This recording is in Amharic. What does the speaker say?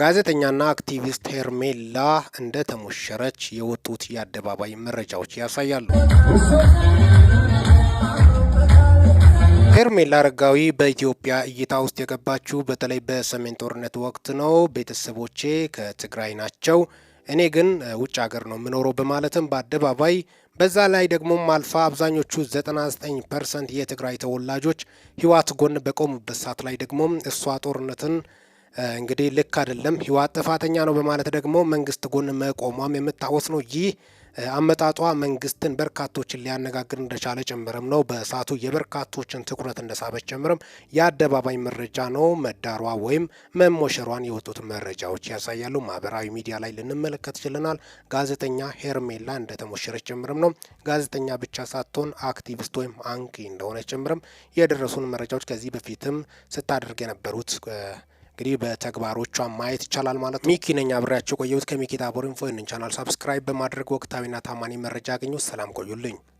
ጋዜጠኛና አክቲቪስት ሄርሜላ እንደተሞሸረች የወጡት የአደባባይ መረጃዎች ያሳያሉ። ሄርሜላ አረጋዊ በኢትዮጵያ እይታ ውስጥ የገባችው በተለይ በሰሜን ጦርነት ወቅት ነው። ቤተሰቦቼ ከትግራይ ናቸው፣ እኔ ግን ውጭ ሀገር ነው የምኖረው በማለትም በአደባባይ በዛ ላይ ደግሞ አልፋ አብዛኞቹ 99 ፐርሰንት የትግራይ ተወላጆች ህወሓት ጎን በቆሙበት ሰዓት ላይ ደግሞ እሷ ጦርነትን እንግዲህ ልክ አይደለም፣ ህወሓት ጥፋተኛ ነው በማለት ደግሞ መንግስት ጎን መቆሟም የምታወስ ነው። ይህ አመጣጧ መንግስትን በርካቶችን ሊያነጋግር እንደቻለ ጭምርም ነው። በእሳቱ የበርካቶችን ትኩረት እንደሳበች ጭምርም የአደባባይ መረጃ ነው። መዳሯ ወይም መሞሸሯን የወጡት መረጃዎች ያሳያሉ። ማህበራዊ ሚዲያ ላይ ልንመለከት ችለናል። ጋዜጠኛ ሄርሜላ እንደተሞሸረች ጭምርም ነው። ጋዜጠኛ ብቻ ሳትሆን አክቲቪስት ወይም አንቂ እንደሆነች ጭምርም የደረሱን መረጃዎች ከዚህ በፊትም ስታደርግ የነበሩት እንግዲህ በተግባሮቿ ማየት ይቻላል ማለት ነው። ሚኪ ነኝ አብሬያቸው ቆየሁት። ከሚኪ ታቦር ኢንፎ ይህንን ቻናል ሳብስክራይብ በማድረግ ወቅታዊና ታማኒ መረጃ አገኙ። ሰላም ቆዩልኝ።